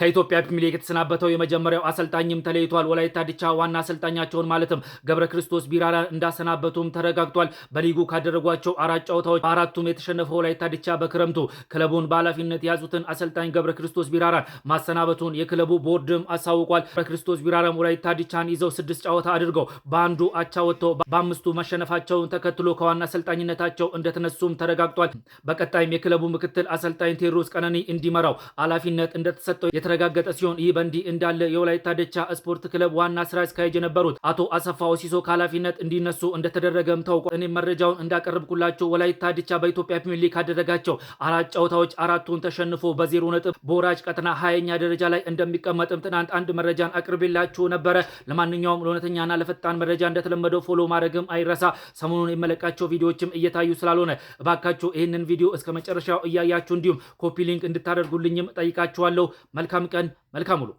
ከኢትዮጵያ ፕሪሚየር ሊግ የተሰናበተው የመጀመሪያው አሰልጣኝም ተለይቷል። ወላይታ ድቻ ዋና አሰልጣኛቸውን ማለትም ገብረ ክርስቶስ ቢራራ እንዳሰናበቱም ተረጋግቷል። በሊጉ ካደረጓቸው አራት ጨዋታዎች በአራቱም የተሸነፈው ወላይታ ድቻ በክረምቱ ክለቡን በኃላፊነት የያዙትን አሰልጣኝ ገብረ ክርስቶስ ቢራራን ማሰናበቱን የክለቡ ቦርድም አሳውቋል። ገብረ ክርስቶስ ቢራራም ወላይታ ድቻን ይዘው ስድስት ጨዋታ አድርገው በአንዱ አቻ ወጥተው በአምስቱ መሸነፋቸውን ተከትሎ ከዋና አሰልጣኝነታቸው እንደተነሱም ተረጋግጧል። በቀጣይም የክለቡ ምክትል አሰልጣኝ ቴዎድሮስ ቀነኒ እንዲመራው ኃላፊነት እንደተሰጠው የተረጋገጠ ሲሆን ይህ በእንዲህ እንዳለ የወላይታ ደቻ ስፖርት ክለብ ዋና ስራ አስኪያጅ የነበሩት አቶ አሰፋ ወሲሶ ከኃላፊነት እንዲነሱ እንደተደረገም ታውቋል። እኔም መረጃውን እንዳቀረብኩላቸው ወላይታ ድቻ በኢትዮጵያ ፕሪሚየር ሊግ ካደረጋቸው አራት ጨዋታዎች አራቱን ተሸንፎ በዜሮ ነጥብ በወራጅ ቀጠና ሀያኛ ደረጃ ላይ እንደሚቀመጥም ትናንት አንድ መረጃን አቅርቤላችሁ ነበረ። ለማንኛውም ለእውነተኛና ለፈጣን መረጃ እንደተለመደው ፎሎ ማድረግም አይረሳ። ሰሞኑን የመለቃቸው ቪዲዮዎችም እየታዩ ስላልሆነ እባካችሁ ይህንን ቪዲዮ እስከ መጨረሻው እያያችሁ እንዲሁም ኮፒ ሊንክ እንድታደርጉልኝም ጠይቃችኋለሁ። መልካም መልካም ቀን፣ መልካም ውሎ